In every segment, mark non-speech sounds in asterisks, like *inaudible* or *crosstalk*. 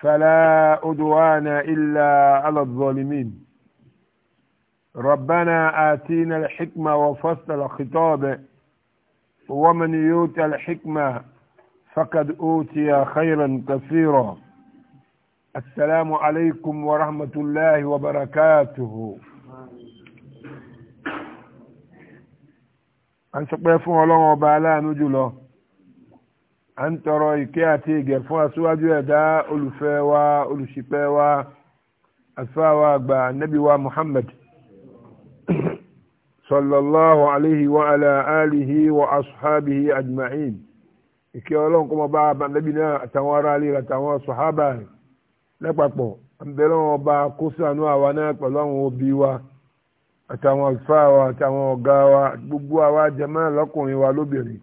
فلا أدوان إلا على الظالمين ربنا آتينا الحكمة وفصل الخطاب ومن يؤت الحكمة فقد أوتي خيرا كثيرا السلام عليكم ورحمة الله وبركاته à ń sọpẹ́ fún ọlọ́run ọba à ń tọrọ ìkẹ́ àti ìgẹ̀ fún aṣíwájú ẹ̀dá olùfẹ́ wa olùṣìpẹ̀ wa àfáwà àgbà ànábì wa Muhammad *clears throat* sallallahu alayhi wa ala alihi wa ashabihi ajma'in ìkẹ́ ọlọ́run kó mọ bá ànábì náà àtàwọn ará ilé àtàwọn sọ̀hábà rẹ̀ lápapọ̀ àbẹ̀rẹ̀ wọn bá kó sànú àwa náà pẹ̀lú àwọn òbí wa àtàwọn àlùfáà wa àtàwọn ọ̀gá wa gbogbo àwa jàmáà lọ́kùnrin wa lóbìnrin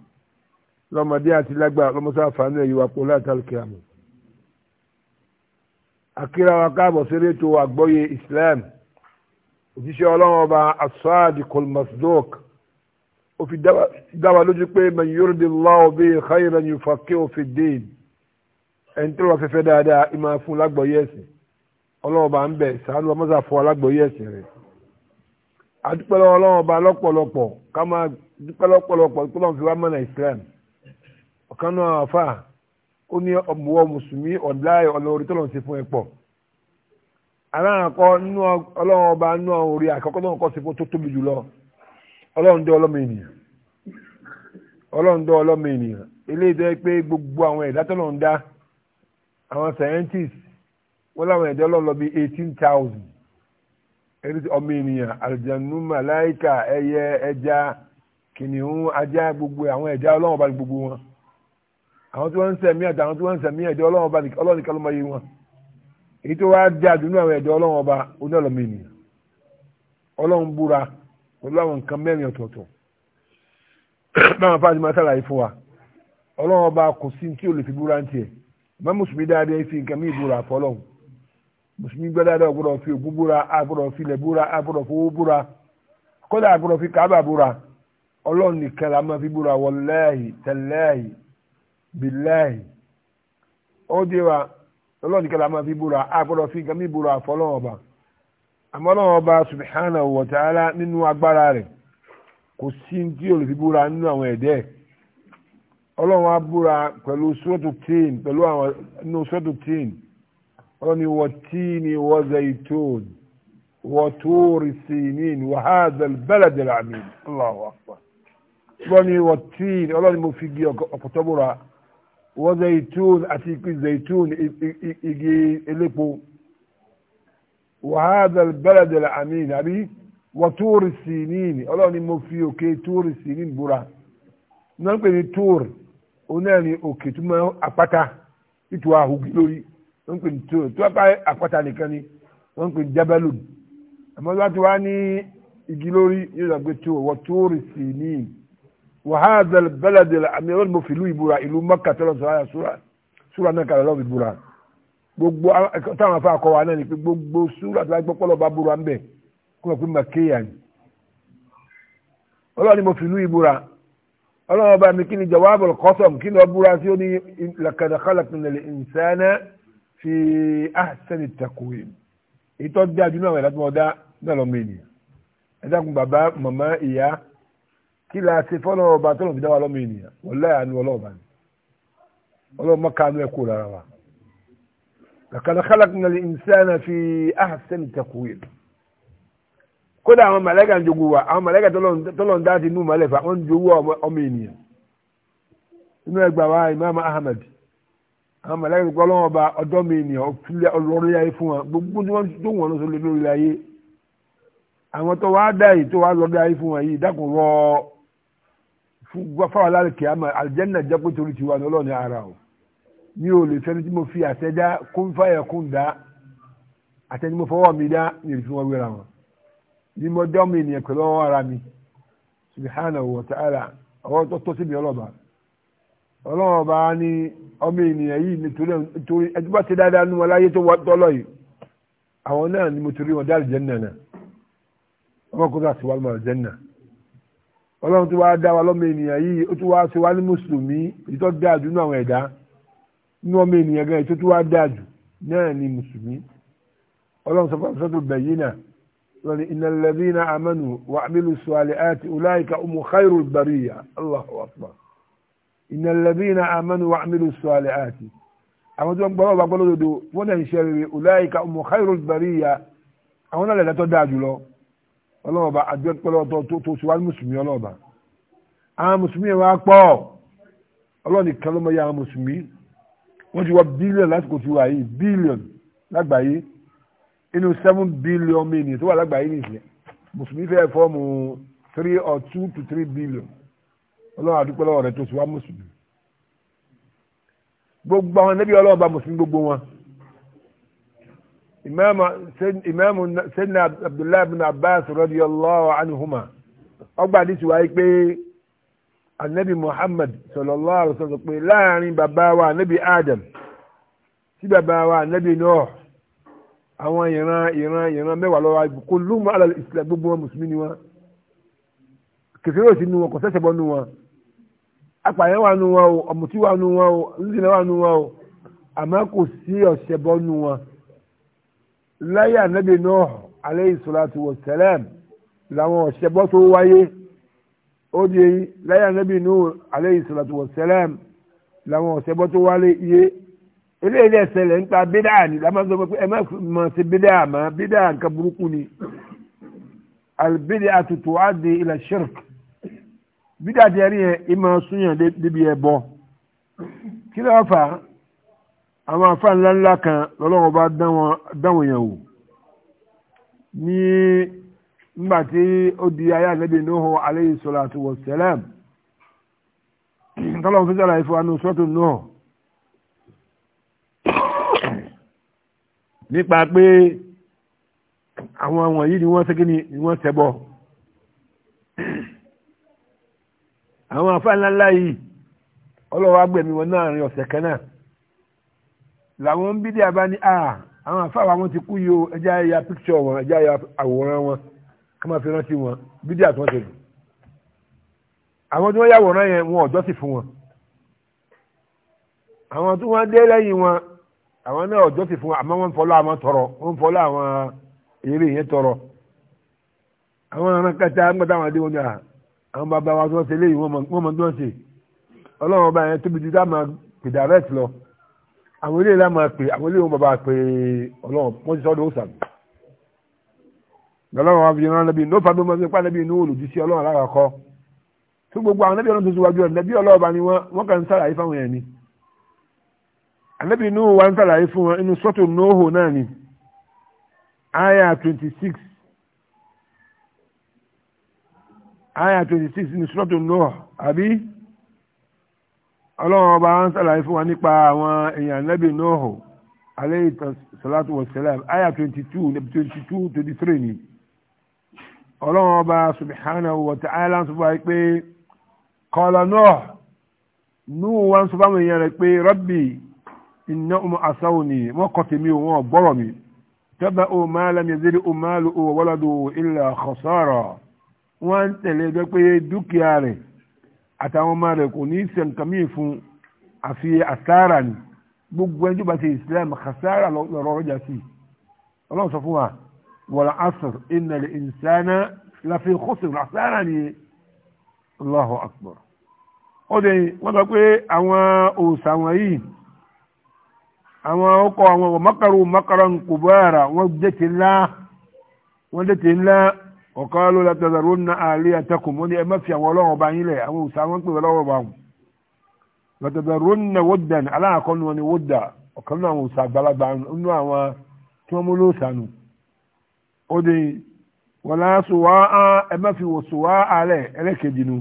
lọ́mọdé àti lágbà lọ́mọsá àfààní ẹ̀yìn wa pọ̀ láti alùkìyàmù. akíra wa káàbọ̀ séré tó àgbọ́yé Islam òjíṣẹ́ ọlọ́run ọba asaadi kolmasdok ó fi dá wa lójú pé man yurdi Allahu bihi khayran yufaqihu fi ddin ẹni tó wà fẹ́fẹ́ dáadáa ìmọ̀ fún lágbọ̀yé ẹ̀sìn ọlọ́run ọba ń bẹ̀ sàánú ọmọsá fún alágbọ̀yé ẹ̀sìn rẹ̀ adúpẹ́lẹ́ ọlọ́run ọba lọ́pọ̀lọpọ̀ ká máa dúpẹ́ lọ́pọ̀lọpọ̀ tó lọ́n fi wá mọ́nà Islam ọ̀kan náà àfà ó ní ọmọwọ́ mùsùlùmí ọ̀dàláyé ọlọ́ọ̀rí tọ́lọ̀ ti fún ẹ pọ̀ aláàkọ́ nínú ọlọ́run ọba nínú àwọn orí àkọ́kọ́ náà kọ́ sí fún tó tóbi jùlọ ọlọ́run dẹ́ ọlọ́mọ ènìyàn ọlọ́run dẹ́ ọlọ́mọ ènìyàn eléyìí tó yẹ pé gbogbo àwọn ẹ̀dá tọ́lọ̀ ń dá àwọn scientists wọ́n láwọn ẹ̀dá ọlọ́run lọ bí eighteen thousand ẹni tí ọmọ ènìyàn àlùjánu màláìkà ẹyẹ ẹja kìnìún ajá gbogbo àwọn ẹ̀dá ọlọ́run ọba gbogbo wọn àwọn tí wọ́n ń sẹ̀mí ẹ̀dá àwọn tí wọ́n ń sẹ̀mí ẹ̀dá ọlọ́run ọba ọlọ́run nìkan ló máa yé wọn èyí tó wáá dé àdúnú àwọn ẹ̀dá ọlọ́run ọba onílọ́mọ ènìyàn búra pẹ̀lú àwọn nǹkan mẹ́rin ọ̀tọ̀ọ̀tọ̀ báwọn fáwọn ti sàlàyé fún wa ọlọ́run ọba kò sí tí ò lè fi búra ń tiẹ̀ mọ́ mùsùlùmí dáadáa fi nǹkan mí ìbúra fọlọ́run mùsùlùmí gbẹ́ dáadáa gbọ́dọ̀ fi ògún búra agbọ́dọ̀ fi ilẹ̀ búra agbọ́dọ̀ fowó búra kódà agbọ́dọ̀ fi wallahi tallahi bilahi ó dé wa ọlọ́ọ̀ni kẹlẹ́ a máa fi búra a gbọ́dọ̀ fi nǹkan mi búra àfọlọ́wọ́n ọba àmọ́ ọlọ́wọ́n ọba subhanahu wa ta'ala nínú agbára rẹ̀ kò sí tí o lè fi búra nínú àwọn ẹ̀dẹ́ ọlọ́wọ́n búra pẹ̀lú sọ́tò tíìn pẹ̀lú àwọn nínú sọ́tò tíìn ọlọ́ni wọ́n tíìn wọ́n zaitun wọ́n tóórì sinin wọ́n hàzẹ̀ bẹ́lẹ̀dẹ̀ làmì Allahu akbar ọlọ́ni wọ́n tíìn ọlọ́ni mo fi gé ọ̀pọ̀tọ́ búra wọ́n zaitun àti zaitun igi elépo wàhálà bẹ́lẹ̀dẹ̀lẹ̀ amin àbí wọ́n túrì sinin ọlọ́run ni mo fi òkè túrì sinin búra náà pè ní túrì onáà ni òkè tó máa àpáta títú àhùgí lórí wọ́n pè ní túrì tó bá àpáta nìkan ni wọ́n pè ní jábẹ́lù àmọ́ láti wá ní igi lórí yóò dàgbé túrì wọ́n túrì sinin. وهذا البلد الامير المفلو ìbúra ìlú maka tẹ́lọ̀ sọ́ra sura sura náà kàlẹ́ lọ́wọ́ ìbúra gbogbo táwọn afa akọ wa náà ni pé gbogbo sura tó lágbó pọ́lọ́ bá búra ń bẹ̀ kó wọ́n pé makeya ni ọlọ́run ni mo fìlú ìbúra ọlọ́run ọba mi kí ni jawabul qasam kí ni wọ́n búra sí ó ní laqad khalaqna al fi ahsani taqwim èyí tó wẹ̀ láti mọ̀ dá náà lọ́mọ ènìyàn bàbá màmá ìyá kí la ṣe fọ́nà ọba tó lọ́n fi dá wa lọ́mọ ènìyàn wọ́n láyà nu ọlọ́ọ̀ba ni ọlọ́ọ̀ma kánú ẹ̀ kó lára wa. laqad khalaqna al-insana fi ahsani taqwim kódà àwọn màláíkà ń jogún wa àwọn màláíkà tọ́lọ̀ ń dá ti nú màlẹ́fà wọ́n ń jogún ọmọ ènìyàn inú ẹgbàá wa Imam Ahmad àwọn mọ̀lẹ́bí gbọ́lọ́wọ́ bá ọdọ́ mi ni ọ̀fílẹ̀ ọlọ́rọ̀ yáyé fún wa gbogbo tí wọ́n tó wọ́n lọ́sọ lórí ayé àwọn tó wá dá yìí tó wá lọ́dọ̀ ayé fún wa yìí dákun rọ fáwọn aláàrẹ kìámà àlìjẹ́nà jẹ́ pé torí tiwa ní ọlọ́ọ̀ni ara o mi ò lè fẹ́ni tí mo fi àtẹ́dá kún fáyà kún dá àtẹ́ni mo fọwọ́ mi dá mi ò fi wọn wéra wọn ni mo dá mi ènìyàn pẹ̀lú ọwọ́ ara mi subhanahu wa ta'ala ọwọ́ tó tó síbi ọlọ́ba ọlọ́ba ni ọmọ ènìyàn yìí nítorí ẹtí bá ti dáadáa nu wọn láyé tó tọ́lọ́ yìí àwọn náà ni mo torí wọn dá àlìjẹ́nà náà ọmọkùnrin àti wàlúmọ̀ àlìjẹ́nà ọlọ́run tó wá dá wa lọ́mọ ènìyàn yìí ó tún wá ṣe wá ní mùsùlùmí èyí tó dáa jù nínú àwọn ẹ̀dá nínú ọmọ ènìyàn gan èyí tó tún wá dáa jù náà ni mùsùlùmí ọlọ́run sọ fún sọ́tò bẹ̀yìnà lọ́ni innal ladhina amanu wa amilu salihati ulaika umu khairul bariya allahu akbar innal ladhina amanu wa amilu salihati àwọn tó ń gbọ́dọ̀ gbọ́dọ̀ dodo wọ́n náà ń ṣe rere ulaika umu khairul bariya àwọn náà lẹ́dá tó dáa jùlọ ọlọ́ọ̀ba àjọ pẹ́lọ́tọ̀ tó tó ṣe wá ní mùsùlùmí ọlọ́ọ̀ba àwọn mùsùlùmí wa pọ̀ ọlọ́ọ̀ni kan ló mọ iye àwọn mùsùlùmí wọ́n ti wọ bílíọ̀n lásìkò tí wà yìí bílíọ̀n lágbàáyé inú seven billion mìíràn tó wà lágbàáyé nìyẹn mùsùlùmí fẹ́ fọ́ọ̀mù three or two to three billion ọlọ́run àdúpẹ́ lọ́wọ́ rẹ̀ tó ṣe wá mùsùlùmí gbogbo àwọn ẹnẹ́bí ọlọ́ọ̀ba mùsùlùmí gbogbo wọn imam sayyidina abdullahi bin abbas radiyallahu anhuma ọgbà àdìsí wáyé pé anabi muhammad sallallahu alaihi wasallam pé láàrin bàbá wa anabi adam sí bàbá wa anabi nuh àwọn ìran ìran ìran mẹ́wàá lọ́wọ́ kò lóun ala islam gbogbo wọn mùsùlùmí ni wọn kèfèrè òsì nu wọn kò sẹ́sẹ̀ bọ́ nu wọn apààyàn wà nu wọn o ọ̀mùtí wà nu wọn o ńlẹ̀ wà nu wọn o àmọ́ kò sí ọ̀sẹ̀ bọ́ nu wọn láyé ànábì Nuh alayhi salatu wa salam làwọn ọ̀ṣẹ́bọ́ tó wáyé ó di láyé ànábì Nuh alayhi salatu wa salam làwọn ọ̀ṣẹ́bọ́ tó wáyé yé eléyìí ẹsẹ̀lẹ̀ nípa bídà ni làwọn sọ pé ẹ má mọ̀ sí bídà mọ́ bídà nǹkan burúkú ni albídà tutù á di ila bídà ti ẹni ìmọ̀ súnyàn débi ẹ bọ́ kí ló fà á àwọn àfáà ńlá ńlá kan lọ́lọ́wọ́ bá dáwọn èèyàn wò ní nígbà tí ó di ayé ànábì Nuhu alayhi salatu wa salam tọ́lọ́wọ́ fún sàlàyé fún anú sọ́tún náà nípa pé àwọn wọ̀nyí ni wọ́n ṣe ni wọ́n ṣẹbọ àwọn àfáà ńlá yìí ọlọ́wọ́ agbẹ̀mí wọn náà rí ọ̀sẹ̀ kan náà làwọn ń bídí àbá ní ah àwọn àfáà àwọn ti kú yìí o ẹjẹ́ àyà píkṣọ̀ wọn ẹjẹ́ àyà àwòrán wọn ká máa fi rántí wọn bídí àtúntò lù àwọn tí wọ́n yà wòrán yẹn wọn ọ̀dọ́ sì fún wọn àwọn tí wọ́n dé lẹ́yìn wọn àwọn náà ọ̀dọ́ sì fún wọn àmọ́ wọ́n ń fọlọ́ àwọn tọrọ wọ́n ń fọlọ́ àwọn eré yẹn tọrọ àwọn ọ̀ràn kẹta ń gbọ́dọ̀ àwọn adéwọ́n à àwọn bàbá wa tó ń ṣe léyìn wọ́n mọ̀ tó ń ṣe ọlọ́run ọba yẹn tóbi ju dáàmà pèdà rẹ̀ lọ àwọn ilé ìlà máa pè àwọn ilé ìwọ̀n bàbá pè ọlọ́run wọ́n ti sọ́dọ̀ òsàn lọ́lọ́run wa fi rán lẹ́bi ní ó fàbí ọmọ ẹgbẹ́ lẹ́bi inú olùdíṣẹ́ ọlọ́run alára kọ́ tó gbogbo àwọn lẹ́bi ọlọ́run tó síwájú ẹ̀ lẹ́bi ọlọ́run bá ní wọ́n wọ́n kàn ń sàlàyé fáwọn ẹ̀ ni àlẹ́bi inú wa ń sàlàyé fún wọn inú sọ́tò nóhò náà ni aya twenty six aya twenty six inú sọ́tò nóhò àbí ọlọ́run ọba ń sàlàyé fún wa nípa àwọn èèyàn nẹ́bì Nuhu alayhi salatu wa salam aya twenty two níbi twenty two twenty three ni ọlọ́run ọba subhanahu wa ta'ala ń sọ fún wa pé qala Nuhu Nuhu wa ń sọ fún àwọn èèyàn rẹ̀ pé rabbi innahum asawni wọ́n kọ́ tèmi wọn gbọ́rọ̀ mi tabba'u ma lam yazid maluhu wa waladuhu illa khasara wọ́n tẹ̀lé ẹgbẹ́ pé dúkìá rẹ̀ àtàwọn ọmọ rẹ̀ kò ní í ṣe nǹkan míì fún àfi àsára ni gbogbo ẹni tó bá ṣe islam àsára lọ́rọ̀ ọjà sí ọlọ́run sọ fún wa wal asr innal insana lafi khusr àsára ni Allahu akbar ó dẹ̀ wọ́n sọ pé àwọn òòsà wọ̀nyí àwọn ọkọ̀ àwọn makaru makaran kubara wọ́n dẹ̀ ti ńlá wọ́n dẹ̀ ti ńlá ọ̀kọ́lù látàzàrò ń na àlẹ́ àtẹkùn wọ́n ní ẹ má fi àwọn ọlọ́run ọba yín lẹ̀ àwọn òòsà wọn pè wọ́n lọ́wọ́ ọba wọn látàzàrò ń na wọ́dà ní aláàkọ́nu wọn ni wọ́dà ọ̀kan náà àwọn òòsà àgbàlagbà nínú àwọn tí wọ́n mú lóòsànù ó di wàlá sùwà ẹ má fi wò sùwà á lẹ̀ nu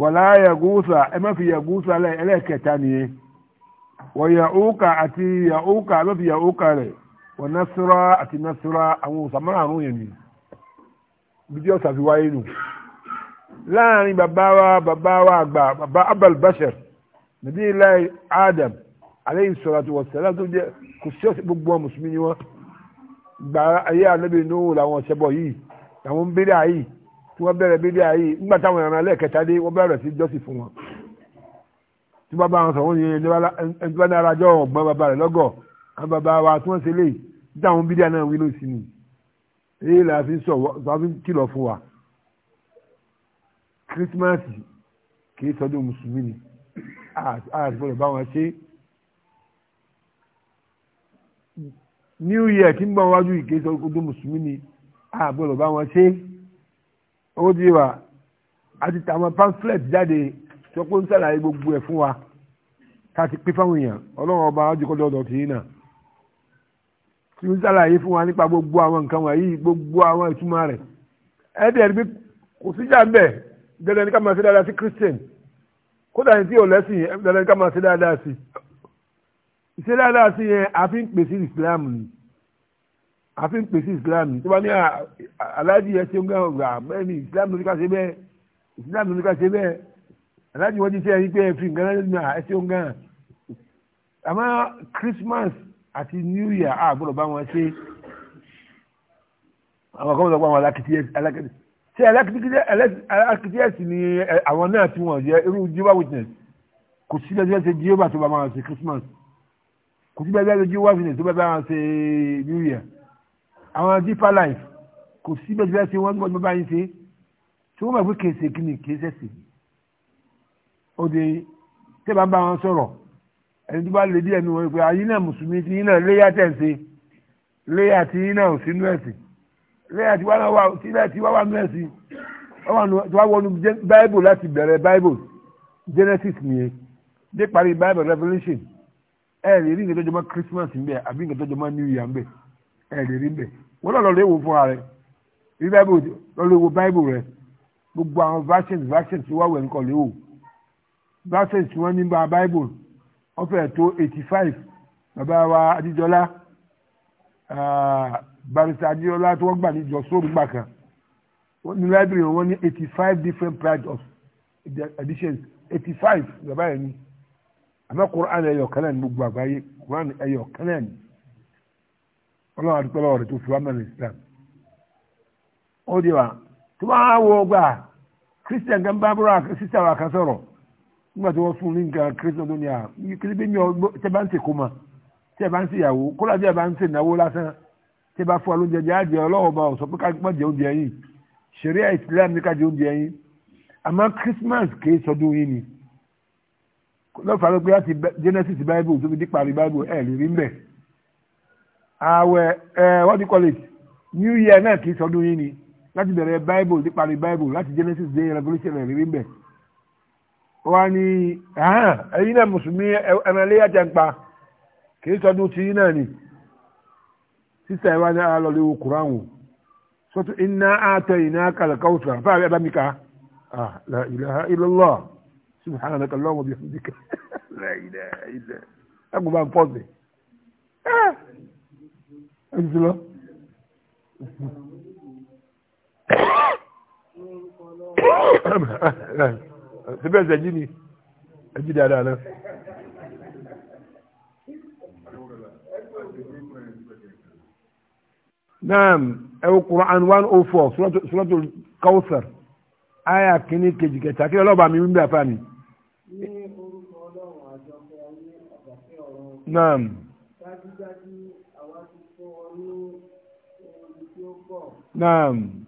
wàlá yàgùsà ẹ má fi yàgùsà lẹ̀ ẹlẹ́kẹta nìyẹn wọ́n yàúkà àti yàúkà ẹ má fi yàúkà lẹ̀ wọ́n nasra àti nasra àwọn òòsà márùn bíi ọ̀sà fi wáyé nù láàrin bàbá wa bàbá wa àgbà bàbá abal bashir nàbí ilẹ̀ adam aleyhi salatu wa salam tó jẹ́ kò sí ọ̀sẹ̀ gbogbo ọmọ mùsùlùmí ni wọ́n gba ayé ànábì nóò làwọn ọ̀sẹ̀bọ̀ yìí làwọn ń bèrè àyè tí wọ́n bẹ̀rẹ̀ bèrè àyè nígbà táwọn ẹ̀ràn alẹ́ kẹta dé wọ́n bẹ̀rẹ̀ sí jọ́sìn fún wọn tí bàbá wọn sọ̀rọ̀ yẹn ẹni tí wọ́n ní arajọ́ ọ̀gbọ́n bàbá rẹ̀ lọ́gọ̀ àwọn bàbá wa tí wọ́n ṣe léyìí tí àwọn bídíà náà wí lóṣìṣẹ́ nìyí èyí là fi sọ wàá kìlọ̀ fún wa kírísímàsì kìí sọdún mùsùlùmí ni àti fọlọ̀ bá wọn ṣe new year tí ń bọ̀ wájú ìkìí sọdún mùsùlùmí ni àti fọlọ̀ bá wọn ṣe ó di wa àti tàwọn pamphlet jáde sọ pé ń sàlàyé gbogbo ẹ̀ fún wa ká ti pín fáwọn èèyàn ọlọ́run ọba ajúkọ́ dọ́dọ̀ tì náà tí ń ṣàlàyé fún wa nípa gbogbo àwọn nǹkan wọ̀nyí gbogbo àwọn ìtumọ̀ rẹ̀ ẹ̀ẹ́dẹ̀ ẹ̀rí kò síjà ń bẹ̀ dandan ní ká máa ṣe dáadáa sí christian kódà ní tí ò lẹ́sìn dandan ní ká máa ṣe dáadáa sí ṣe dáadáa sí yẹn àfi ń pèsè islam ni àfi ń pèsè islam ni tó bá ní aláàjì yẹn ṣe ń gbà ọgbà bẹ́ẹ̀ ni islam ló ní ká ṣe bẹ́ẹ̀ islam ló ní ká ṣe bẹ́ẹ̀ aláàjì wọn ti ṣe ẹni pé ẹ fi nǹkan náà ṣe ń gbà àmọ́ christmas àti new year a gbọ́dọ̀ bá wọn ṣe àwọn kan sọ pé àwọn alákìtìyẹsì ṣé alákìtìyẹsì ni àwọn náà tí wọ́n jẹ́ irú Jehovah witness kò sí bẹ́ẹ̀ ṣe Jehovah tó bá wọn ṣe Christmas kò sí bẹ́ẹ̀ ṣe Jehovah witness tó bá wọn ṣe new year àwọn deeper life kò sí bẹ́ẹ̀ ṣe wọ́n tó bá yín ṣe tí wọ́n mọ̀ pé kèsè kí ni kèsè sí. ó de tẹ́ bá ń bá wọn sọ̀rọ̀ ẹni tó bá lè díẹ̀ nu wọn pé ayín náà mùsùlùmí tí yín náà léyà tẹ̀ ń ṣe léyà tí yín náà ò sínú ẹ̀sìn léyà tí wọ́n wà tí léyà tí wọ́n wà nú ẹ̀sìn wọ́n wà wọnú báíbù láti bẹ̀rẹ̀ báíbù Genesis nìyẹn dé parí báíbù Revelation ẹ lè rí nǹkan tó jọmọ́ Christmas ń bẹ àbí nǹkan tó jọmọ́ New Year ń bẹ ẹ lè rí ń bẹ wọ́n lọ́ọ́ lọ́ọ́ lè wò fúnra rẹ̀ rí báíbù lọ́ọ́ lè wò báíbù rẹ̀ gbogbo àwọn vaccines vaccines wà wẹ̀ nǹkan lè wò vaccines wọ́n fẹ́ tó eighty five bàbá wa adíjọlá barista adíjọlá tí wọ́n gbà níjọ sóòrù gbà kan ní library wọn ní eighty five different price of editions eighty five bàbá yẹn ni àmọ́ Quran ẹ̀yọ̀ kan náà ní gbogbo àgbáyé Quran ẹ̀yọ̀ kan náà ni ọlọ́run àdúgbò lọ́wọ́ rẹ̀ tó fi wá mẹ́rin Islam ó di wa tí wọ́n á wọ gbà Christian kan bá búrọ̀ sísè àwọn kan sọ̀rọ̀ nígbà tí wọ́n fún ní nǹkan kírísítọ̀ tó ní à kí bí mi ọgbọ́ tẹ́ bá ń ṣe kó mà tẹ́ bá ń ṣe ìyàwó kó láti bá ń ṣe ìnáwó lásán tẹ́ bá fún alóúnjẹ jẹ́ àjẹ ọlọ́wọ́ bá ọ̀sọ́ pé ká má jẹ oúnjẹ yìí ṣẹ̀ríà Islam ní ká jẹ oúnjẹ yìí àmọ́ Christmas kìí sọdún yìí ni lọ́fà ló pé láti Genesis Bible tó fi dí parí Bible ẹ̀ lè rí mbẹ̀ ààwẹ̀ ẹ̀ what do you call it New Year náà kìí sọdún yìí ni láti bẹ̀rẹ̀ Bible dí parí Bible láti Genesis dé Revolution ẹ̀ lè rí mbẹ̀ wọ́n ní ẹ̀yin náà mùsùlùmí ẹ̀mọ ẹlẹ́yà tẹ̀ ń pa kì í sọdún tí náà ni sísè wa ní alọ́lẹ̀ wo kuran wò sọ́tù iná àtẹ iná kàlàkàwùtà fáwọn ẹ̀dá mi ká la ilaha illallah subhanaka allahumma wa bihamdika la ilaha ẹ̀gbọ́n bá ń pọ̀ sí ẹ̀ ń sọ. Amen síbẹ̀ ẹ̀sẹ̀ jí ni ẹjí dáadáa náà. naam ẹwọ Quran one oh four suratul Kawthar aya kìíní kejì kẹta kí ọlọ́ba mi ń bẹ̀ fà mí. naam. naam.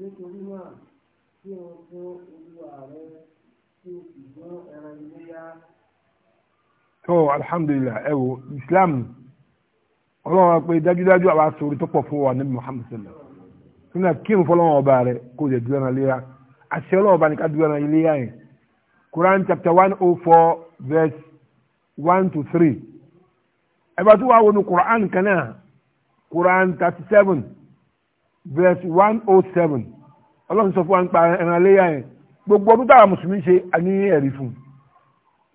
nítorí náà kí o fún olúwa rẹ kí o sì gbọ́ ẹran iléyà. tó alhamdulilah ẹ wo islam ọlọ́run wa pé dájúdájú àwa sori tó pọ̀ fún wa níbi muhammed sọlá nínú kí n fọlọ́run ọba rẹ kó o lè dúró ẹran iléyà àṣẹ ọlọ́run ọba ni ká dúró ẹran iléyà yẹn quran chapter one oh four verse one to three ẹ bá tún wá wọnú quran kan náà quran thirty seven verse one oh seven ọlọ́run sọ fún wa ń pa ẹran léyà yẹn gbogbo ọdún táwọn mùsùlùmí ṣe àní ẹ̀rí fún un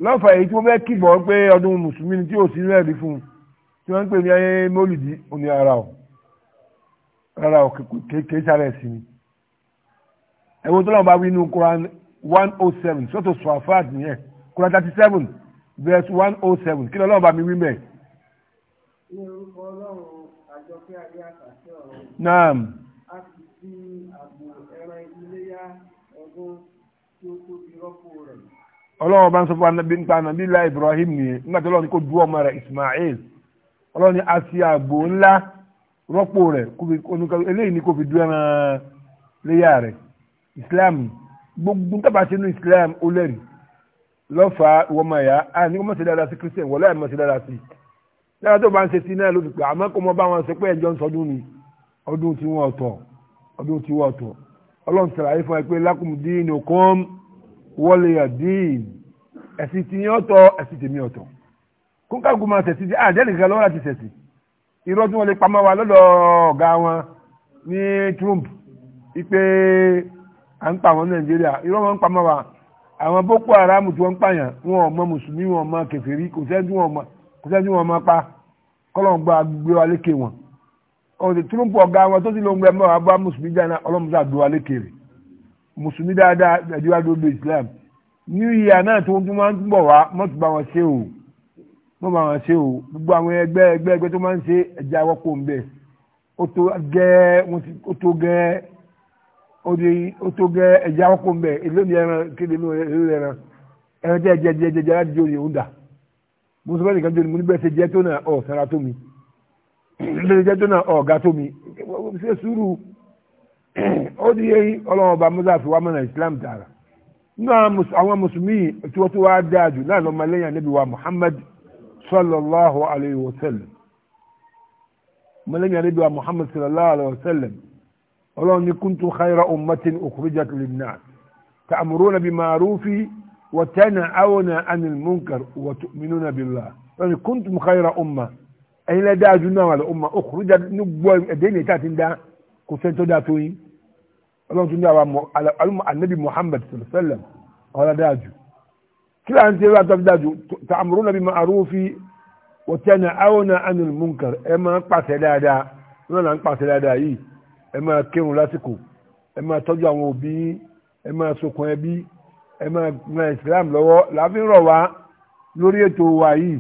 lọ́fà èyí tí wọ́n fẹ́ kìbọ̀ pé ọdún mùsùlùmí ni tí ò sí ẹ̀rí fún un tí wọ́n ń pè ní ayé mólìdí òní ara ọ̀ rárá ọ̀ kéé sí ni ẹ̀wọ́n tó lọ́wọ́ bá wí nínú Quran one oh seven sọ́tò swafaad nìyẹn Quran thirty seven verse one oh seven kí lọ́wọ́ bá mi wí mẹ́ẹ̀ sọ pé ayé àtàkì ọ̀rọ̀. naam. a ti fi àbò ẹran iléyà ọdún tí ó tóbi rọ́pò rẹ̀. ọlọ́run bá ń sọ fún anabi nípa anabi ilá ibrahim nìyẹn nígbà tí ọlọ́run kò du ọmọ rẹ̀ ismail ọlọ́run ni a fi àbò ńlá rọ́pò rẹ̀ eléyìí ni kò fi du ẹran iléyà rẹ̀ islam gbogbo tábà sínú islam ó lẹ́rìí lọ́fà wọ́n máa yá a ní wọ́n máa ṣe dáadáa sí christian wọ́n láì máa ṣe dáadáa sí lẹ́yìn tó bá ń ṣe sí náà ló ti pè àmọ́ kó mọ bá wọn ṣe pé ẹjọ́ ń sọdún ni ọdún tí wọ́n ọ̀tọ̀ ọdún tí wọ́n ọ̀tọ̀ ọlọ́run ṣàlàyé fún ẹ pé lakum dinukum waliya din tí yín ọ̀tọ̀ tèmi ọ̀tọ̀ kó kágun máa lọ́wọ́ láti irọ́ tí wọ́n Trump à ń pa àwọn Nàìjíríà irọ́ wọn ń pamọ́ wa àwọn Haram tí wọ́n kò sẹ́ni wọn máa pa kọ́lọ́n gba gbé wa lékè wọn ọ̀sẹ̀ túrúmpù ọ̀gá wọn tó ti lóun gbẹ mọ́ àbá mùsùlùmí jáná ọlọ́mùsà gbé wa lékè rẹ̀ mùsùlùmí dáadáa nàìjíríà dódò islam new year náà tó ń tún máa ń bọ̀ wá mọ́tò bá wọn ṣe o mọ́tò bá wọn ṣe o gbogbo àwọn ẹgbẹ́ ẹgbẹ́ ẹgbẹ́ tó máa ń ṣe ẹja wọ́pọ̀ ń bẹ̀ ó tó gẹ́ ó tó gẹ́ odi oto gẹ ẹja ẹran kéde ló ẹran ẹran tẹ ẹjẹ mùsùlùmí nìkan jẹ́ ní bẹ́ẹ̀ ṣe jẹ́ tó náà ọ̀ sara tó mi bẹ́ẹ̀ ṣe jẹ́ tó náà ọ̀ ga tó mi ṣe sùúrù ó di yẹ ọlọ́wọ́n ọba musa fi wá mọ́nà islam tààrà nínú àwọn mùsùlùmí tí wọ́n tó wá dáa jù náà lọ́mọ lẹ́yìn anábì wa muhammad sallallahu alayhi wa sallam mọ́lẹ́yìn anábì wa muhammad sallallahu alayhi wa sallam ọlọ́wọ́n ní kuntu khayra ummatin ukhrijat lin-nas ta'muruna bi ma'rufi. وتنعون عن المنكر وتؤمنون بالله يعني كنتم خير أمة أين لا داعي ولا أمة أخرج نبوة الدين تاتين دا كسين تداتوين الله تنعى على النبي محمد صلى الله عليه وسلم قال داجو كلا أنت لا تداجو تأمرون بمعروف وتنعون عن المنكر أما إما أنقع سلادا ولا لا سلادا إيه إما كيرو لاسكو أما تجعوا بي إما سكوا بي ẹ máa gba Islam lọ́wọ́ láàfin rọ̀ wá lórí ètò wa yìí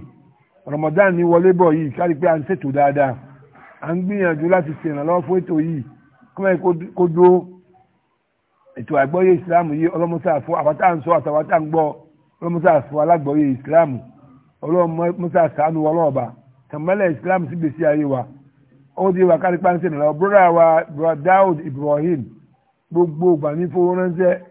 Ramadan ní wọlé bọ̀ yìí kárí pé à ń ṣètò dáadáa à ń gbìyànjú láti ṣèrànlọ́wọ́ fún ètò yìí kí wọ́n kó dúró ètò àgbọ́yé Islam yìí ọlọ́mọsá fún àwátá ń sọ àtàwátá ń gbọ́ ọlọ́mọsá fún alágbọ́yé Islam ọlọ́mọsá sànú ọlọ́ọ̀bà tàmílẹ̀ Islam sì gbèsè ayé wa ó di wà kárí pàǹsẹ̀ nìlọ bróra wa Daud Ibrahim gbogbo ògbà ní fowó ránṣẹ́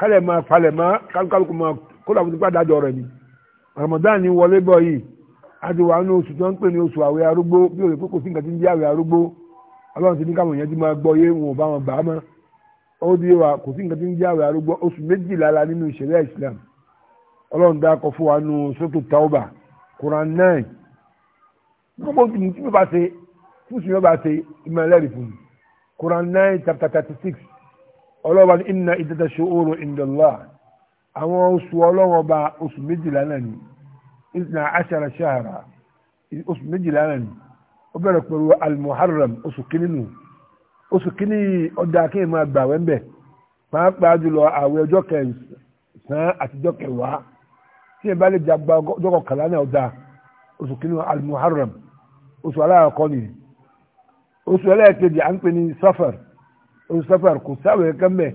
kálẹ̀ máa falẹ̀ máa kálukálukú máa kó làwọn ti gbàdájọ́ rẹ̀ ni Ramadan ni wọlé bọ̀ yìí àti wà ní oṣù tó ń pè ní oṣù àwẹ̀ arúgbó bí òye pé kò sí nǹkan tí ń jẹ́ àwẹ̀ arúgbó Ọlọ́run ti ní káwọn èèyàn ti máa gbọ́ yé wọn ò bá wọn gbà á mọ́ ó di wa kò sí nǹkan tí ń jẹ́ àwẹ̀ arúgbó oṣù méjìlá la nínú ìṣẹ̀lẹ̀ Islam Ọlọ́run dá akọ fún wa nù sọ́tò tauba Quran 9. gbogbo tí mo bá ṣe fún sùn yóò bá ṣe ìmọ̀ fún mi Quran 9, chapter 36. ọlọ́ba ní inna iddata shu'uru indallah àwọn oṣù ọlọ́wọ́n ba oṣù méjìlá náà ni isna ashara shahara oṣù méjìlá náà ni ó bẹ̀rẹ̀ pẹ̀lú almuharram oṣù kìnínú oṣù kìíní ọjà kí n máa gbà wẹ́ńbẹ̀ pàápàá jùlọ àwẹ̀ ọjọ́ kẹsàn-án àtijọ́ kẹwàá tí ẹ bá lè ọjọ́ kọkànlá náà ọjà oṣù kìíní oṣù oṣù ẹlẹ́ẹ̀kejì à oṣù safar kò sáwẹ̀ kan bẹ̀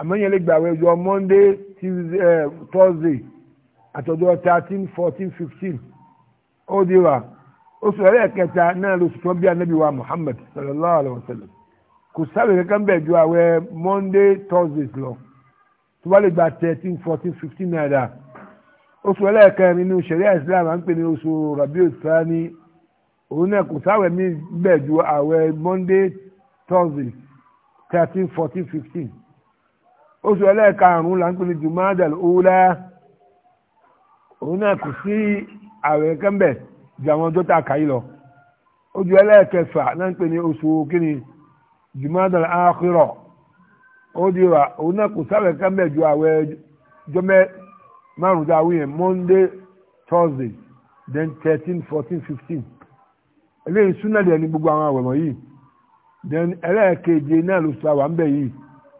àmọ́ yẹn lè gbà wẹ̀ monday eh, thursday àtọ̀jọ́ thirteen fourteen fifteen ó di wa oṣù ẹlẹ́ẹ̀kẹta náà lóṣù tó bí anabi wa muhammad sallallahu alayhi wa sallam kò sáwẹ̀ kankan ju àwẹ̀ monday thursday lọ tó bá lè gba thirteen fourteen fifteen náírà oṣù ẹlẹ́ẹ̀kẹrin nínú sẹ̀ríà islam à ń pè ní oṣù rabiu sani òun náà kò sáwẹ̀ mi bẹ̀ ju àwẹ̀ monday thursday thirteen fourteen fifteen oṣù ẹlẹ́ẹ̀karùn-ún là ń pè ní jumadal ula òun náà kò sí àwẹ̀ kẹ́mbẹ̀ ju àwọn ọjọ́ tá a kà yí lọ oṣù ẹlẹ́ẹ̀kẹfà là ń pè ní oṣù kínní jumadal akhira ó wa òun náà kò sáwẹ̀ kẹ́mbẹ̀ ju àwẹ̀ jọmẹ́ márùn-ún tá a monday thursday then thirteen fourteen fifteen eléyìí súnà dẹ̀ ní gbogbo àwọn àwẹ̀ wọ̀nyí then ẹlẹ́ẹ̀keje náà ló sọ àwọn àmbẹ̀ yìí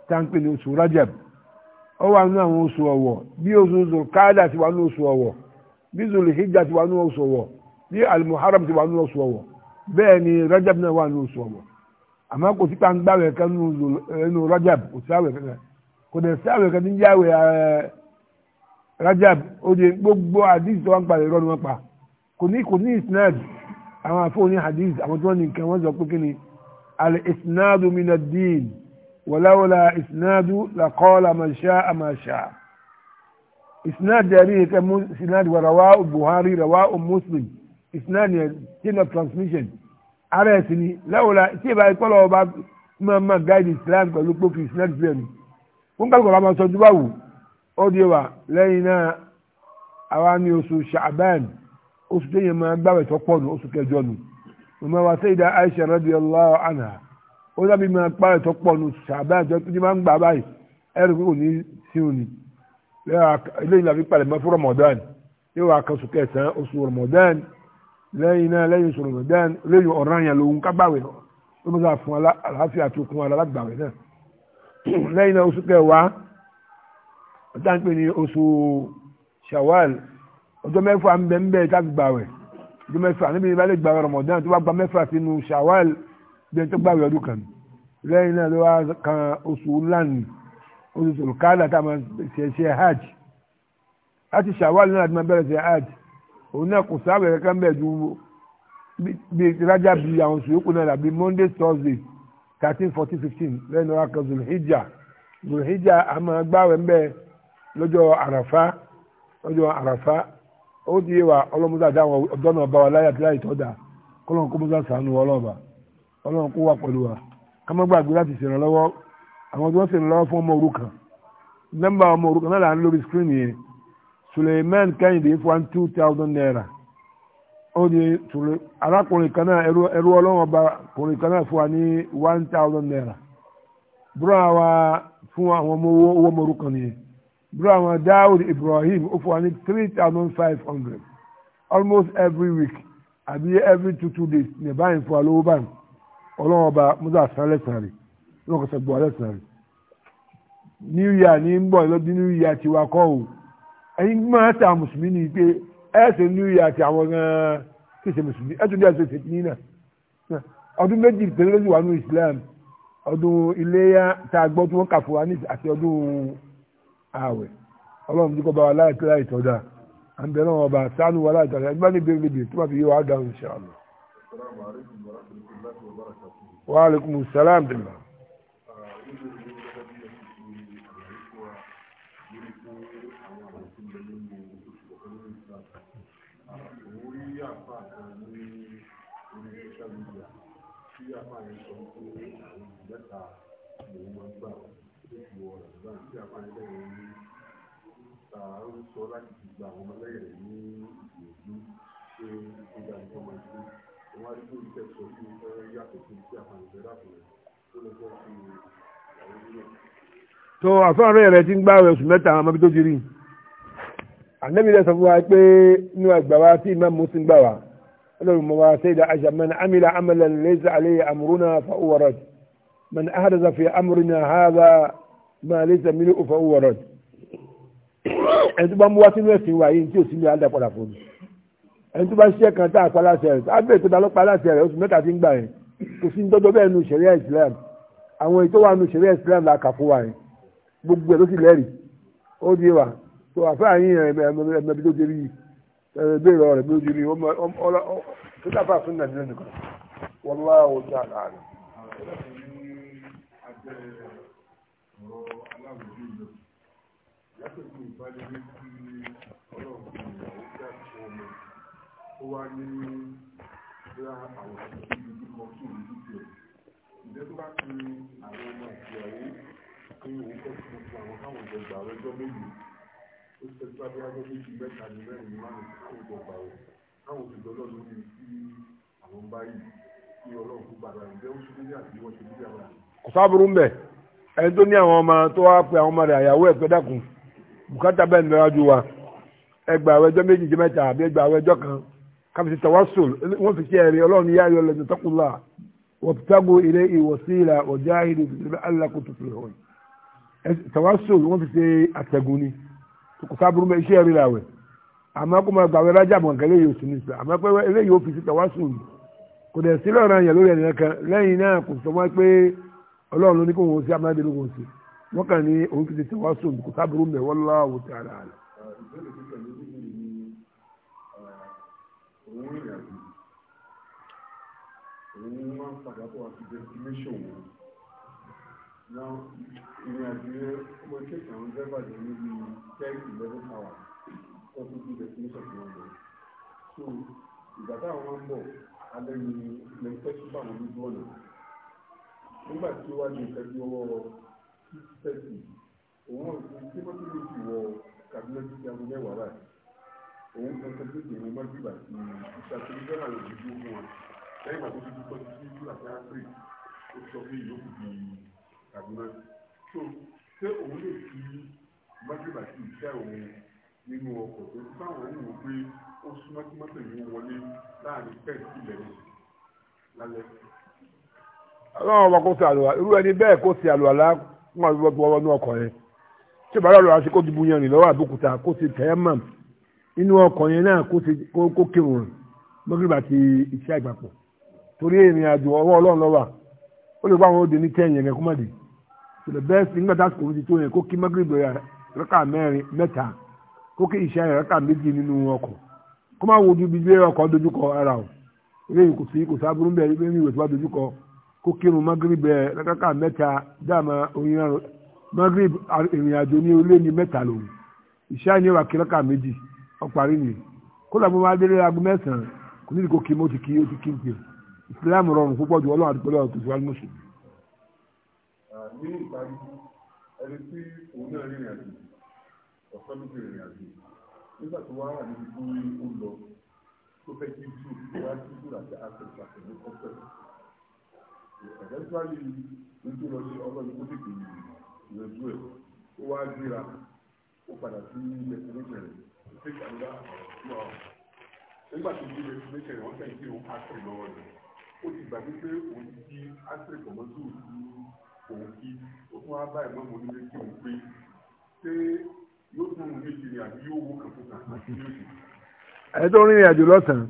táǹpì ní oṣù rajab ó wà nínú àwọn oṣù ọ̀wọ̀ bí oṣù zulkaada ti wà nínú oṣù ọ̀wọ̀ bí zulhijja ti wà nínú oṣù ọ̀wọ̀ bí almuharram ti wà nínú oṣù ọ̀wọ̀ bẹ́ẹ̀ ni rajab náà wà nínú oṣù ọ̀wọ̀ àmọ́ kò sí pàǹgbà rẹ̀ kan eh, nínú rajab kò sí àwẹ̀ kankan kò dẹ̀ sí àwẹ̀ kan ní jáwẹ̀ eh, rajab ó di gbogbo àdìs tó wà ń pa ìrọ́ ni wọ́n pa kò ní kò ní ìsinad àwọn àfọwọ́ni àdìs àwọn tó wọ́n ní nǹkan wọ́n sọ pé kí ni الإسناد من الدين ولولا إسناد لقال من شاء ما شاء إسناد يعني إسناد ورواه البخاري رواه مسلم إسناد chain of transmission ara ẹ̀sìn ni lẹ́wọ̀la tí ìbá ìkọlọ̀ ọba máa máa guide Islam pẹ̀lú pófin Islam sílẹ̀ ni wọ́n kálukọ̀ bá máa sọ dúbà wù ó di wa lẹ́yìn náà àwa ni oṣù Sha'ban oṣù tó yẹ máa gbàwẹ̀ tó pọ̀ nù oṣù kẹjọ nù mọ̀mọ́ wa sẹ́yìdá Aisha radiyallahu anha ó dábì máa pa ẹ̀tọ́ pọ̀ nù sàbẹ́ àjọ tó ti máa ń gbà báyìí ẹ̀rù pé kò ní sí òní lẹ́yìn làbí palẹ̀ mọ́ fún Ramadan yóò wá kan sùkẹ́ ẹ̀sán oṣù Ramadan lẹ́yìn náà lẹ́yìn oṣù Ramadan lẹ́yìn ọ̀ràn yẹn lòun ká gbàwé lọ ó máa fún aláàfíà tó kún alágbàwé náà *clears throat* lẹ́yìn náà oṣù kẹwàá ọ̀tá ń pè ní oṣù Shawwal ọjọ́ mẹ́fà ń bẹ ń bẹ tá ọdún mẹ́fà níbi ìbá lè gba Ramadan tó bá gba mẹ́fà sínú Shawwal bí ẹni tó gbàwé ọdún kan lẹ́yìn náà ló wá kan oṣù lánìí oṣù sòlùkálà tá a máa ṣe ṣe hajj láti Shawwal náà ti máa bẹ̀rẹ̀ ṣe hajj òun náà kò sáwẹ̀ kankan bẹ́ẹ̀ ju bí rájà bí àwọn oṣù yòókù náà dàbí Monday Thursday thirteen fourteen fifteen lẹ́yìn náà wá kan zulhijjah zulhijjah a máa gbàwé ń bẹ́ẹ̀ lọ́jọ́ àràfá lọ́jọ́ àràfá ó di wa ọlọ́mọdé àdáwọn ọjọ́ náà wa láyà bí kọ́lọ́n kó ọlọ́ọ̀bà ọlọ́run kó wà pẹ̀lú wa ká má gbàgbé láti ṣèrànlọ́wọ́ àwọn tí wọ́n ṣèrànlọ́wọ́ fún ọmọ nọ́mbà ọmọ náà là ń lórí yẹn Suleiman naira ó di arákùnrin kan náà ẹrú ọlọ́run ọba kùnrin kan náà fún wa ní one thousand naira búrọ̀ àwa fún àwọn ọmọ owó ọmọ brahma daoud ibrahim ofuani three thousand five hundred almost every week abi every two two days ní báyìí fún wa lówó báyìí ọlọ́run ọba musa san lẹ́sàn rẹ̀ lọ́kọ̀ sọ gbọ́ lẹ́sàn rẹ̀ new year ní ń bọ̀ lọ́dún new year ti wa kọ́ o ẹ̀yin máa ta mùsùlùmí ni pé ẹ̀ ṣe new year ti àwọn gan-an kí ṣe mùsùlùmí ẹ̀ tún bí ẹ̀ ṣe ṣe ti yín ọdún méjì péré ló sì wà Islam ọdún iléyà tá a gbọ́ tí wọ́n kà fún wa ní àti ọdún. ààwẹ̀ ọlọ́run tí kò bá wa láìpẹ́ láìtọ́ dá à ń bẹ náà ọba sánú wa láìtọ́ dá ẹgbẹ́ ní bèrè bèrè tó bá fi yé wa dáhùn insha Allah. wa alaikum salaam dèlà. Thank you. sọ láti fi gba àwọn ọmọlẹ́yìn rẹ̀ ní ìgbìyànjú pé ó dáa tó máa ṣe wọn á rí pé iṣẹ́ sọ sí ẹ yàtọ̀ sí iṣẹ́ àpàlùfẹ́ lákùnrin tó lọ fẹ́ fi àwọn ìlú náà. tó àfọwọ́rẹ́ rẹ ti ń gbá oṣù mẹ́ta àwọn ọmọbi tó ti rí ànábi rẹ sọ fún wa pé inú àgbà wa tí ìmáà mú sí ń gbà wá ọlọ́run mọ́ wa sayida aisha man amila amalan laysa alayhi amruna fa huwa rad man ahdatha fi amrina hadha ma laysa fa huwa ẹni tó bá mú wá sínú ẹ̀sìn wa yìí tí ò sí mi àdá padà fún mi ẹni tó bá ń ṣiṣẹ́ kan tá a pa aláṣẹ rẹ̀ ábẹ́ ìpínlẹ̀ ọlọ́pàá aláṣẹ rẹ̀ oṣù mẹ́ta ti ń gbà yẹn kò sí dọ́dọ́ bẹ́ẹ̀ nu ṣẹ̀ríà Islam àwọn ètò wa nu ṣẹ̀ríà Islam la kà fún wa yẹn gbogbo ẹ̀ ló sì lẹ́rìí ó di wa tó àfáàyìn ẹ̀mẹ́bí tó débi béèrè ọ̀rẹ́ bí ó débi tó dábàá fún Nàìjíríà nìkan wọ́n láwọ̀ ojú àná rẹ̀ lásìkò ìbálẹ̀wé tí ọlọ́run ti ìyàwó tí a ti ọmọ ó wá ní bóyá àwọn ìṣẹ̀lẹ̀ ibi tí kan sí ìlú tiẹ̀ ìjẹ́ tó bá ti àwọn ọmọ ìyàwó pé òun fẹ́ ti gbogbo àwọn káwọn jọ gbà méjì ó ti tẹ́tí abẹ́ ajọ́ méjì mẹ́ta ní mẹ́rin márùn káwọn jọ gbà wọ̀ káwọn ti gbọ́ ní sí àwọn báyìí kí ọlọ́run kó gbàdá ìjẹ́ ó ti dé ní àdéhùn ṣe dé àwọn àdéhùn. ẹni tó ní àwọn ọmọ tó wá pe àwọn ọmọ rẹ̀ àyàwó ẹ̀ pẹ́ bùkátà bẹ́ẹ̀ ni lọ́wọ́jú wa ẹgbà àwọn ẹjọ́ méjì jẹ́mẹ́ta àbí ẹgbà àwọn ẹjọ́ kan káfíńsì tawassul wọ́n fi kíyà rí ọlọ́run yá ayọ̀ lẹ́nu tọ́kùnlá wọ́n ti tágò ilé ìwọ̀síìlà ọ̀já ìlú ìfìdílé alákùn tuntun lọ́wọ́ tawassul wọ́n fi ṣe àtẹ̀gùn ni kò sábúrú mẹ́ iṣẹ́ rí làwẹ̀ àmọ́ kó máa gbàwé rájà mọ̀ nǹkan eléyìí oṣù nìṣà àmọ́ pé wọ́n kàn ní òun ti tètè wá sóun kò sábúrú mẹ́ wọ́n láwò tí ara rẹ̀. òun tí wọ́n bá di ìtẹ́jú ọwọ́ sísẹ́sì òun ò fi tí wọ́n ti lè fi wọ kàbínẹ́tì tí aago mẹ́wàá báyìí òun kan kan tó dèrò mọ́jú bá ti ìṣàkóso fẹ́ràn àwọn òbí tó fún wa lẹ́yìn ìgbà tó ti dúpọ́ sí ìlú àti áfírí ó sọ pé yóò fi kàbínẹ́tì tó ṣé òun lè fi mọ́jú bá ti ìṣẹ́ òun nínú ọkọ̀ tó ti báwọn ń wò pé ó súnmọ́ kí mọ́tò yìí wọlé láàrin pẹ́ẹ́sì lẹ́yìn lálẹ́. ọlọ́run ọba kò sí àlùwà irú ẹni bẹ́ẹ̀ kò sí àlùwà láàkú wọn àti wọn wọn ní ọkọ̀ yẹn tí bàbá lọ́wọ́ àti kó dìbò yẹn rìn lọ́wọ́ àbúkúta kó ti tẹ̀ ẹ́ mọ̀ inú ọkọ yẹn náà kó kírun mọ́gìrìbà ti iṣẹ́ àgbàpọ̀ torí ìrìn àjò ọwọ́ ọlọ́run lọ́wọ́ ó lè bá àwọn òde ní ten yẹn kó má dé to the nígbà ti tó yẹn kó kí kó o eléyìí kó kírun magrib ẹ eh, lákàkà mẹ́ta dáàmà oyin magrib ìrìn àjò ní olé ní mẹ́ta lòun ìṣá ní ọ̀rọ̀ akíláka méjì ọparí ni kódà mo máa délé aago mẹ́sàn-án kò ní ìdíkò kí mo ti kí ó ti kí n pè Islam rọrùn púpọ̀ jù ọlọ́run àdúgbò lọ́wọ́ tó fi wá ní mọ̀ṣẹ́. ní ìparí ẹni tí òun náà rìnrìn àjò ọ̀sán ló fi rìnrìn nígbà tó wà níbi tí ó tó fẹ́ kí jù wá jù àti àṣẹ ìṣàkóso ẹ̀fẹ́síwájú nítorí lọ sí ọlọ́run kó tètè yanjú ẹ̀ ó wá gbéra ó padà sí ilẹ̀ ìmẹ́tẹ̀rẹ̀ ṣéèkì àdúrà lọ nígbà tó dé ilẹ̀ ìmẹ́tẹ̀rẹ̀ wọ́n tẹ̀lé òun àṣírí lọ́wọ́ rẹ̀ ó ti gbà pé òun kí àṣírí pọ̀mọ́ tó òun kí ó tún wá bá ẹ̀gbọ́n mi nílé kí òun pé ṣé yóò tún òun méjì ni àbí yóò wó kàn fún kàn àti yóò ṣe. ẹ̀ tó rìnrìn àjò lọ́sàn-án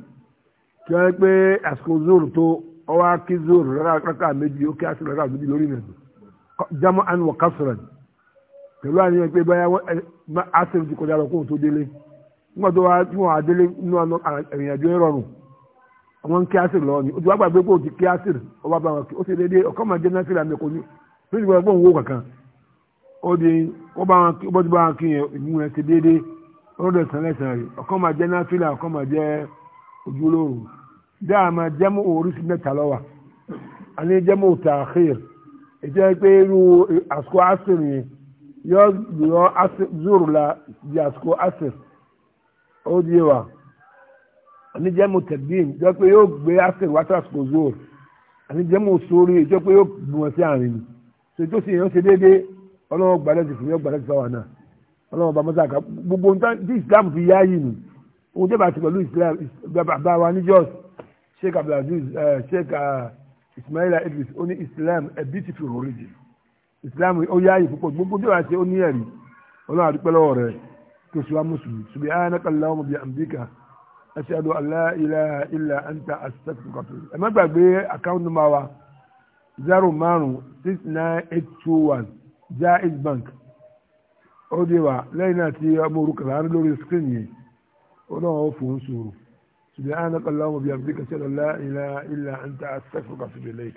kí wọ́n pé àsìkò zoro tó ọwọ́ akí zoro rákà méjì ó kí asọ rákà méjì lórí ìrìnàjò jamu an wa kasran pẹ̀lú àníyàn pé báyà asẹ̀rù ti kọjá lọ o tó délé nígbà tó wá tí wọ́n á délé nínú ìrìnàjò ìrọ̀rùn àwọn kí asẹ̀rù lọ́wọ́ ni ojú wa gbàgbé pé ti kí ọba bá wọn kí ti dédé ọkọ máa jẹ násìrì àmì kò ní kankan ó di ó bá dáàmà jẹ́mú oríṣi mẹ́ta lọ́wà a ní jẹ́mú tààkìr ìjẹ́ pé irú àsìkò asir yìí yọ yọ zuru la di àsìkò asir ó di wa a ní jẹ́mú tẹ̀gbìn ìjẹ́ pé yóò gbé asir wá sí àsìkò zuru a ní jẹ́mú sórí ìjẹ́ pé yóò gbìmọ̀ sí àárín ni so tó sì yàn ṣe déédéé ọlọ́wọ́ gbàdẹ́ ti fún yọ gbàdẹ́ ti fáwọn náà ọlọ́wọ́ bá mọ́sáàkà gbogbo nǹkan tí Islam fi yá yìí nù òun tẹ́ bá pẹ̀lú Islam bàbá wa ní jọ́ọ̀sì sheikh abdulaziz eh, sheikh eh, ismaila idris ó ní islam a beautiful religion islam ó yáàyè púpọ̀ gbogbo bí wàá ṣe ó ní ẹ̀rí ọlọ́run àdúpẹ́ lọ́wọ́ rẹ̀ tó ṣe wá mùsùlùmí subhanaka allahumma bi amdika ashhadu an la ilaha illa anta astaghfiruka wa atubu ẹ má gbàgbé àkáǹtì nọ́mbà wa zero márùn six nine eight two one jaiz bank ó dé wa lẹ́yìn náà tí ọmọ orúkọ là ń lórí screen yìí ọlọ́run ó fòun sòrò. سبحانك اللهم وبحمدك اشهد ان لا اله الا انت استغفرك واتوب اليك